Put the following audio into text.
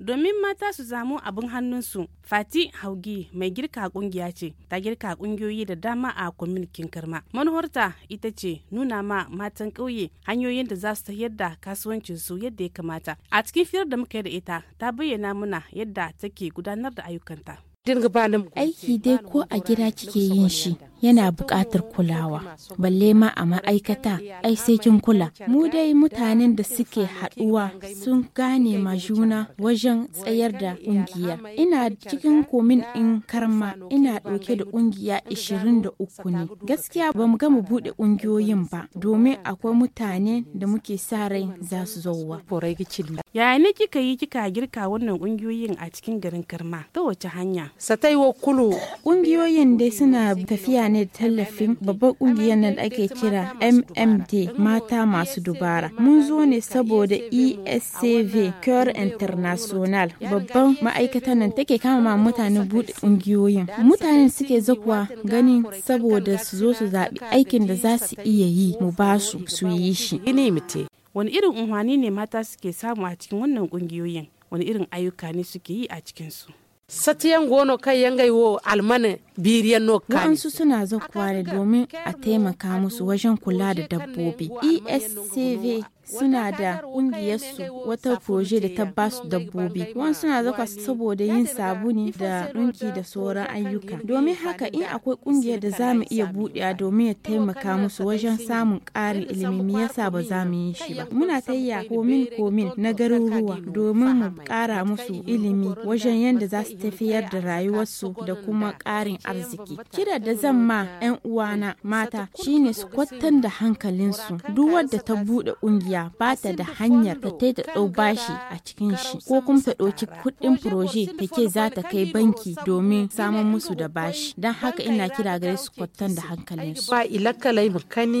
domin mata su samu abin hannunsu fati haugi mai girka kungiya ce ta girka kungiyoyi da dama a kwamitin karma manuharta ita ce nuna ma matan ƙauye hanyoyin da za su tafiyar da kasuwancinsu yadda ya kamata a cikin firar da muka yi da ita ta bayyana muna yadda take gudanar da ayyukanta aiki dai ko a gida kike yin shi yana buƙatar kulawa balle ma a ma'aikata ai sai kin kula mu dai mutanen da suke haɗuwa sun gane ma juna wajen tsayar da ƙungiyar ina cikin komin in karma ina ɗauke da ƙungiya 23 ne gaskiya ba mu gama buɗe ƙungiyoyin ba domin akwai mutane da muke sa rai za su zauwa yaya ne kika yi kika girka wannan ƙungiyoyin a cikin garin karma ta wace hanya sataiwa kulu ƙungiyoyin dai suna tafiya ne tallafin babbar ƙungiyar nan da ake kira mmd mata masu dubara mun zo ne saboda escv cure international babban ma'aikatan nan take kama mutane buɗe kungiyoyin mutanen suke zakuwa ganin saboda su zo su zaɓi aikin da za su iya yi mu ba su su yi shi wani irin unhwani ne mata suke samu a cikin wannan ƙungiyoyin wani irin ayyuka ne suke yi a cikinsu satiyan gono kai yangai wo almana biriyan no kan Wansu suna zakuwa ne domin a taimaka musu wajen kula da dabbobi escv suna da ƙungiyarsu wata proje da ta ba su dabbobi wani suna zaka saboda yin sabuni da ɗinki da sauran ayyuka domin haka in akwai ƙungiyar da za mu iya buɗewa domin ya taimaka musu wajen samun ƙarin ilimi me yasa ba za mu yi shi ba muna tayya komin komin na garuruwa domin mu ƙara musu ilimi wajen yadda za su tafiyar da rayuwarsu da kuma ƙarin arziki kira da zan ma 'yan uwana mata shine su kwatanta da hankalinsu duk wadda ta buɗe ƙungiya ya ba ta da hanyar da ta da bashi a cikin shi ko kuma ta ɗauki kuɗin proje da ke za ta kai banki domin samun musu da bashi don haka ina kira gare su kwattan da hankalinsu.